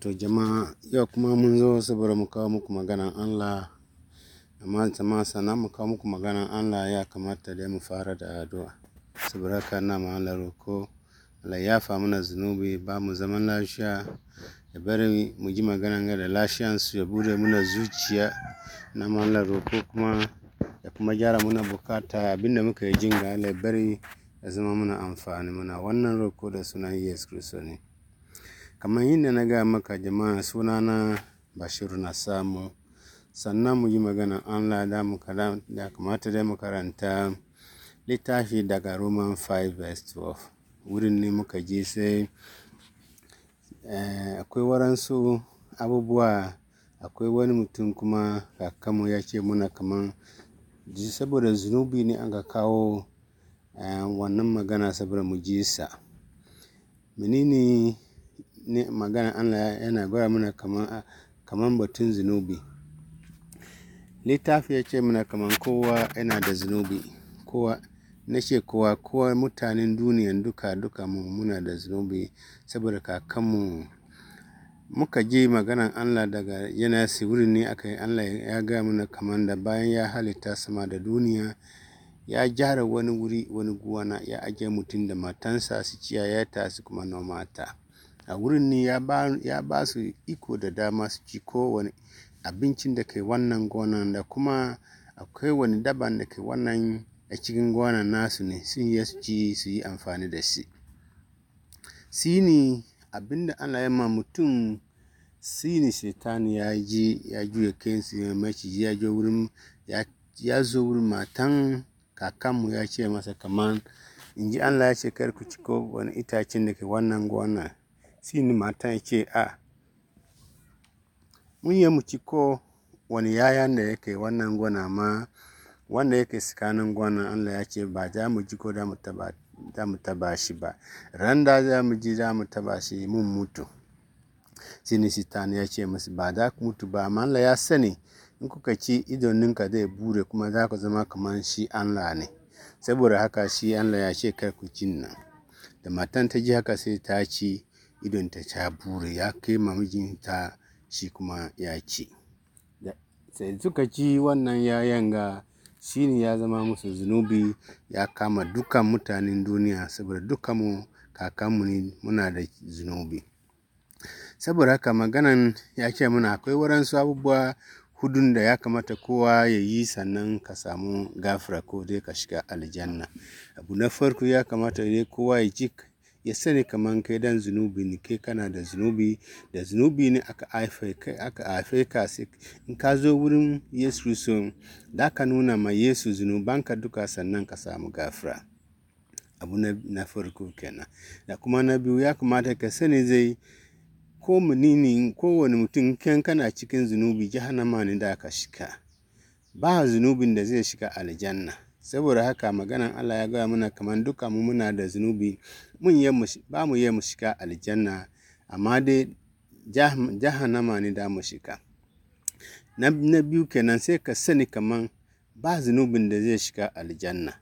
To jama'a yau kuma mun zo saboda mu kawo muku maganan Allah amma jama'a sannan mu kawo muku maganan Allah ya kamata dai mu fara da addu'a saboda haka ina ma Allah roko Allah ya fa mana zunubi ba mu zaman lafiya ya bari mu ji maganan ga da lafiyan su ya bude mana zuciya na ma Allah roko kuma ya kuma gyara mana bukata abinda muka yi jin ga Allah ya bari ya zama mana amfani muna wannan roko da sunan Yesu Kiristo ne. kamar yadda na gaya maka jama'a sunana bashiru na samu sannan mu yi magana an da mu da kamata dai mu karanta littafi daga roman 5 verse 12 wurin ne muka je sai eh, akwai waransu abubuwa akwai wani mutum kuma kakanmu ya ce muna Ji saboda zunubi ne aka kawo eh, wannan magana saboda mu ji sa menene ne magana Allah yana gwada mana kaman kaman batun zunubi littafi ya ce mana kaman kowa yana da zunubi kowa na ce kowa kowa mutanen duniyan duka duka mu muna da zunubi saboda kakanmu muka ji maganan Allah daga yana wuri ne aka yi Allah ya ga mana kaman da bayan ya halitta sama da duniya ya gyara wani wuri wani guwana ya ajiye mutum da matansa su ciyayata su kuma nomata a wurin ne ya ba su iko da dama su ci kowane abincin da ke wannan gonan da kuma akwai wani daban da ke wannan a cikin gonan nasu ne sun yi su ci su yi amfani da shi sini abinda ana yi ma mutum sini shaitani ya ji ya juya kayansu ya mace ya je wurin ya zo wurin matan kakanmu ya ce masa kaman in ji Allah ya ce kar ku ci ko wani itacen da ke wannan gonar sini ni matan ce a mun yi muci ko wani yayan da yake wannan gona ma wanda yake tsakanin gona Allah ya ce ba za mu ji da mu da mu taba shi ba ran da za mu ji za mu taba shi mun mutu sini sitan ya ce musu ba za ku mutu ba amma Allah ya sani in kuka ci idoninka zai bure kuma za ku zama kamar shi Allah ne saboda haka shi Allah ya ce kar ku cin nan da matan ta ji haka sai ta ci idon ta bure ya kai ma mijinta shi kuma ya ci sai suka ci wannan yayan ga shine ya zama musu zunubi ya kama dukkan mutanen duniya saboda dukanmu kakanmu ne muna da zunubi saboda haka maganan ya ce mana akwai waransu abubuwa hudun da ya kamata kowa ya yi sannan ka samu gafara ko dai ka shiga aljanna abu na farko ya kamata dai kowa ya ji ya sani kaman kai dan zunubi ne kai kana da zunubi da zunubi ne aka haife kai aka haife ka in ka zo wurin Yesu so da ka nuna ma Yesu zunubanka duka sannan ka samu gafara abu na farko kenan da kuma na biyu ya kamata ka sani zai ko menene wani mutum kan kana cikin zunubi jahannama ne da ka shika ba zunubin da zai shika aljanna saboda haka maganan Allah ya gaya mana kamar duka mu muna da zunubi ba mu yi mu shiga aljanna amma dai jahannama ne da mu shiga na biyu kenan sai ka sani kaman ba zunubin da zai shiga aljanna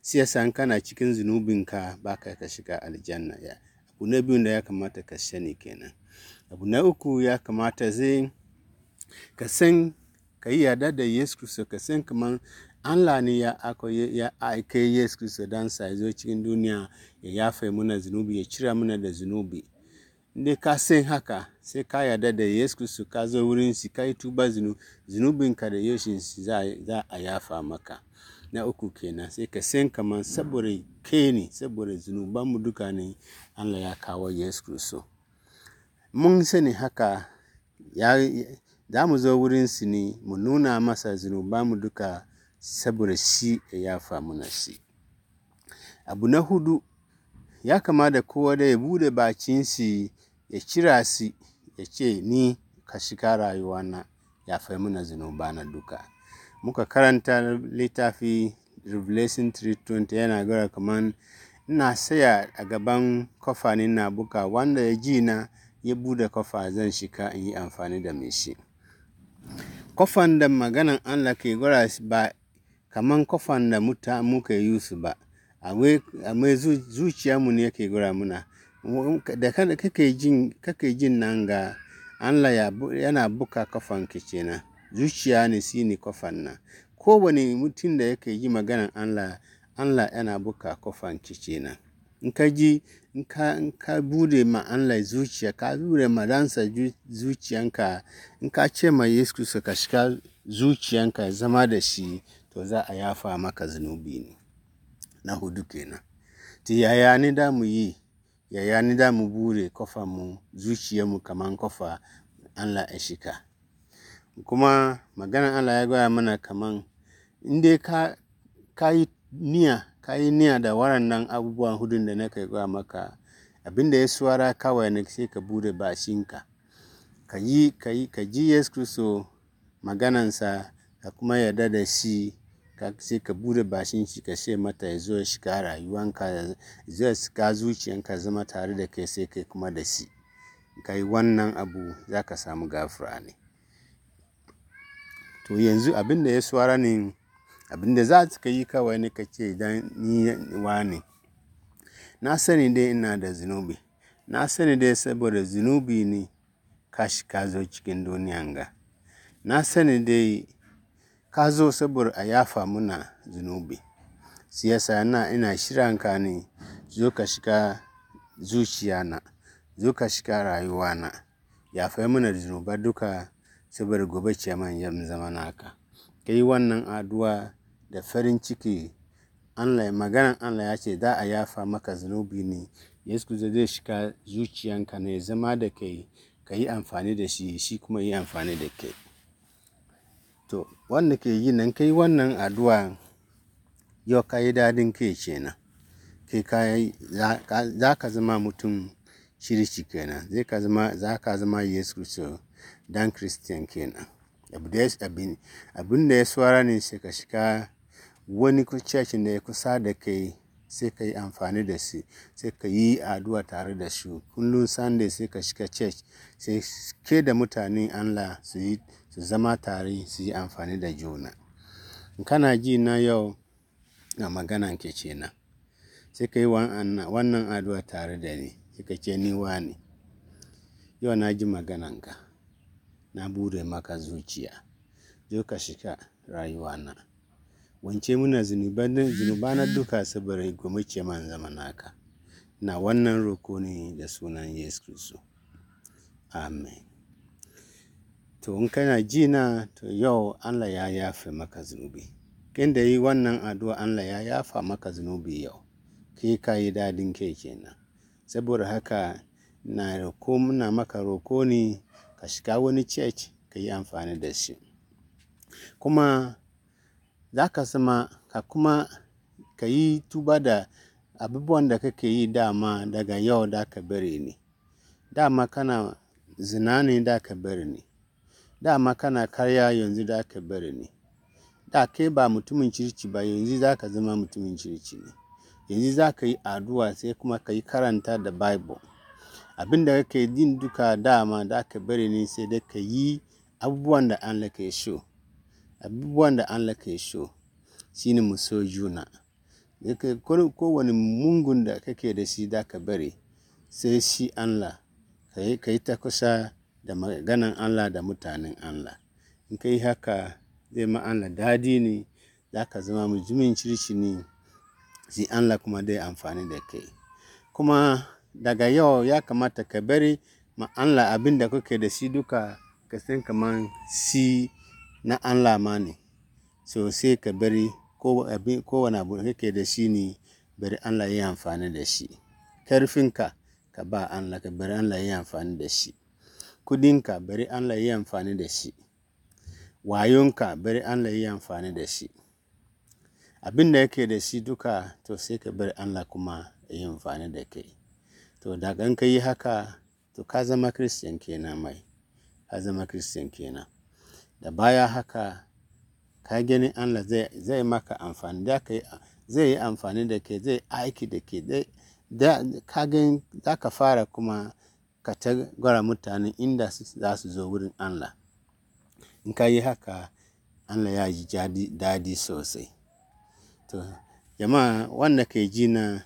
sai ya san kana cikin zunubinka ba ka ka shiga aljanna ya abu na biyu da ya kamata ka sani kenan abu na uku ya kamata zai ka san ka yi yarda da Yesu Kristo ka san kaman Allah ne ya aka ya aike Yesu Kristo dan sa cikin duniya ya yafe muna zunubi ya cire muna da zunubi inda ka san haka sai ka yarda da Yesu Kristo ka zo wurin shi ka yi tuba ka da yoshin shi za a yafa maka na uku kenan sai ka san kaman saboda ke ne saboda zunubanmu duka ne Allah ya kawo Yesu Kristo mun sani haka ya Za mu zo wurinsa ne mu nuna masa zunubanmu duka saboda shi ya yafa mana shi. Abu na hudu, ya kamata kowa da ya buɗe shi ya kira shi ya ce, Ni ka shiga ya yafe mana na duka. Muka karanta littafi Revelation 3:20 yana gara kaman ina saya a gaban kofa ne buka wanda ya ji na ya buɗe kofa zan shika in yi amfani da mai shi. Kofan da maganan Allah ke gwada shi ba kaman kofan da muta muka yi su ba, zuciya zuciyarmu ne yake gwada muna. Da kake jin, kake jin nan ga Allah yana buka kofan ki kenan. Zuciya ne ne kofan nan. Kowane mutum da yake yi maganan Allah, Allah yana buka kofan ki kenan. in ka ji in ka bude ma Allah zuciya ka bude ma ransa zuciyanka in ka ce ma Yesu su ka shiga zuciyanka zama da shi to za a yafa maka zunubi ne na hudu kenan ta yaya ni da mu yi yaya ni da mu bude kofa mu zuciyar mu kaman kofa Allah ya shika kuma maganar Allah ya gaya mana kaman in dai ka ka yi niyya ka yi niyya da waɗannan abubuwan hudun da na kai gwa maka abinda da ya suwara kawai na sai ka bude bashinka ka yi ka yi ka ji yesu kristo maganansa ka kuma yarda da shi sai ka bude bashin shi ka ce mata ya zo ya shiga rayuwanka ya zo ya shiga zuciyanka zama tare da kai sai kai kuma da shi ka yi wannan abu za ka samu gafura ne to yanzu abin da ya suwara ne abinda za ka yi kawai ne ka ce dan ni wane na sani dai ina da zinubi na sani dai saboda zinubi ne ka shi ka zo cikin duniyan ga na sani dai ka zo saboda a yafa muna zunubi siyasa na ina ka ne zo ka shiga zuciya na zo ka shiga rayuwa na yafai mana zunuba duka saboda gobe ce man zama naka kai wannan aduwa. da farin ciki. Allah, maganan Allah ya ce za a yafa maka zunubi ne. Yesu zai shiga zuciyanka ne, ya zama da kai, ka yi amfani da shi, shi kuma yi amfani da kai. To, wanda ke yi nan, kai wannan addu'a, yau ka yi dadin kai kenan. Kai ka yi, za ka zama mutum kirki kenan. Zai ka zama, za ka zama Yesu Kiristi, dan ke kenan. Abin da ya suwara ne sai ka shiga wani cocin da ya kusa da kai sai ka yi amfani da shi sai ka yi addu'a tare da shi kullum sunday sai ka shiga church sai ke da mutanen allah su yi su zama tare su yi amfani da juna kana ji na yau na magana ke na, sai ka yi wannan addu'a tare da ni sai ka ce ni wani yau na ji ka, na bude maka zuciya zo ka shiga rayuwa na. wance muna na duka saboda gwamnati man zama naka na wannan roko ne da sunan yesu kristo amen to in kana ji na to yau allah ya yafe maka zunubi kin da yi wannan addu'a allah ya yafa maka zunubi yau ke ka yi dadin kai kenan saboda haka na roko muna maka roko ne ka shiga wani church ka yi amfani da shi kuma za ka zama ka kuma ka yi tuba da abubuwan da kake yi dama daga yau da ka bari ne dama kana zina ne da ka bari ne dama kana karya yanzu da ka bari ne da kai ba mutumin kirki ba yanzu za ka zama mutumin kirki ne yanzu za ka yi addu'a sai kuma ka yi karanta da bible abin da kake yin duka dama da ka bari ne sai da ka yi abubuwan da an lake so Abubuwan da Allah ke so shine mu so juna. Kowane mungun da kake da shi da ka bari sai shi Allah. Ka yi ta kusa da maganan Allah da mutanen Allah. In ka yi haka zai ma Allah dadi ne, za ka zama mutumin kirki ne, sai Allah kuma dai amfani da kai. Kuma daga yau ya kamata ka bari ma Allah abin da kake da shi duka ka san kamar shi. na Allah ma ne so sai ka bari kowane abu da kake da shi ne bari Allah yi amfani da shi karfinka ka ba Allah ka bari Allah yi amfani da shi kudinka bari Allah yi amfani da shi wayonka bari Allah yi amfani da shi abin da yake da shi duka to sai ka bari Allah kuma yi amfani da kai to da ka yi haka to ka zama kristiyan kenan mai ka zama kristiyan kenan da baya haka ka gani Allah zai, zai maka amfani da ka zai yi amfani da ke zai aiki da ke za ka fara kuma ka ta gwara mutane inda za su zo wurin Allah in ka yi haka Allah ya ji daɗi sosai to jama'a wanda ke ji na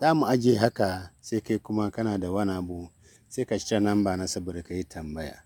za mu ajiye haka sai kai kuma kana da wani abu sai ka ci namba na saboda ka yi tambaya